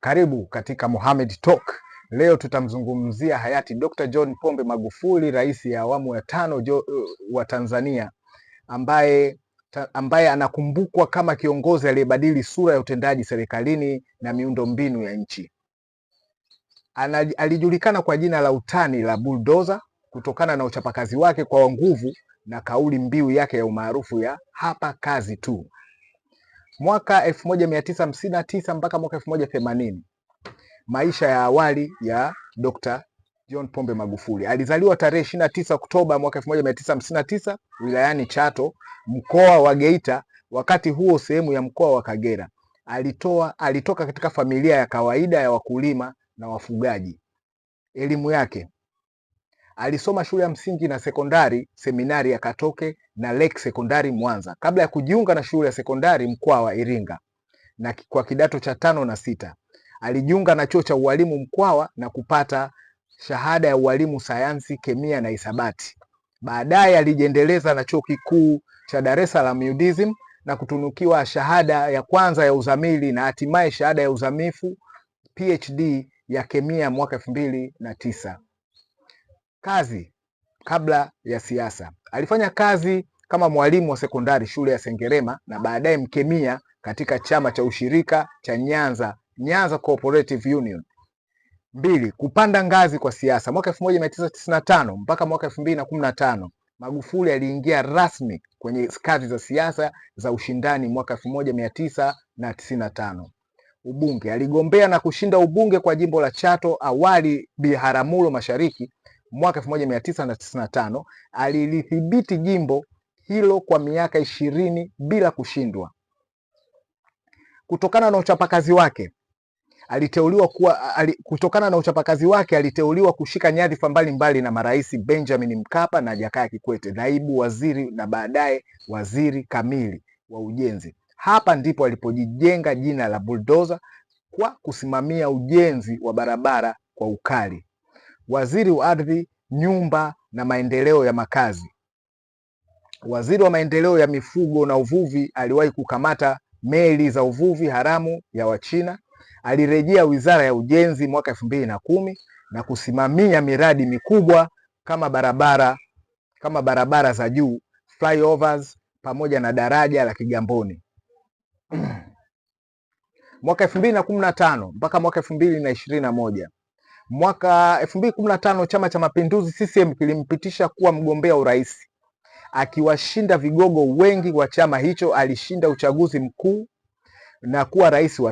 Karibu katika Mohamed Talk. Leo tutamzungumzia hayati Dr. John Pombe Magufuli, rais ya awamu ya tano jo, uh, wa Tanzania ambaye ambaye anakumbukwa kama kiongozi aliyebadili sura ya utendaji serikalini na miundombinu ya nchi. Ana, alijulikana kwa jina la utani la Bulldozer kutokana na uchapakazi wake kwa nguvu na kauli mbiu yake ya umaarufu ya hapa kazi tu, Mwaka 1959 mpaka mwaka 1980, maisha ya awali ya Dr. John Pombe Magufuli. Alizaliwa tarehe 29 Oktoba mwaka 1959 wilayani Chato, mkoa wa Geita, wakati huo sehemu ya mkoa wa Kagera. Alitoa, alitoka katika familia ya kawaida ya wakulima na wafugaji. Elimu yake Alisoma shule ya msingi na sekondari seminari ya Katoke na Lake Sekondari Mwanza, kabla ya kujiunga na shule ya sekondari Mkwawa Iringa, na kwa kidato cha tano na sita alijiunga na chuo cha ualimu Mkwawa na kupata shahada ya ualimu sayansi, kemia na hisabati. Baadaye alijiendeleza na chuo kikuu cha Dar es Salaam UDSM na kutunukiwa shahada ya kwanza ya uzamili na hatimaye shahada ya uzamifu PhD ya kemia mwaka elfu mbili na tisa kazi kabla ya siasa. Alifanya kazi kama mwalimu wa sekondari shule ya Sengerema na baadaye mkemia katika chama cha ushirika cha Nyanza, Nyanza Cooperative Union. Mbili, kupanda ngazi kwa siasa mwaka 1995 mpaka mwaka 2015 Magufuli aliingia rasmi kwenye kazi za siasa za ushindani mwaka 1995. Ubunge aligombea na kushinda ubunge kwa jimbo la Chato, awali Biharamulo Mashariki, mwaka tano alilithibiti jimbo hilo kwa miaka ishirini bila kushindwa. Kutokana na uchapakazi wake aliteuliwa kuwa ali, kutokana na uchapakazi wake aliteuliwa kushika nyadhifa mbalimbali na marais Benjamin Mkapa na Jakaya Kikwete, naibu waziri na baadaye waziri kamili wa ujenzi. Hapa ndipo alipojijenga jina la buldoza kwa kusimamia ujenzi wa barabara kwa ukali waziri wa ardhi, nyumba na maendeleo ya makazi. Waziri wa maendeleo ya mifugo na uvuvi aliwahi kukamata meli za uvuvi haramu ya Wachina. Alirejea wizara ya ujenzi mwaka elfu mbili na kumi na kusimamia miradi mikubwa kama barabara kama barabara za juu flyovers, pamoja na daraja la Kigamboni. Mwaka elfu mbili na kumi na tano mpaka mwaka elfu mbili na ishirini na moja Mwaka 2015 Chama cha Mapinduzi CCM kilimpitisha kuwa mgombea urais akiwashinda vigogo wengi wa chama hicho. Alishinda uchaguzi mkuu na kuwa rais wa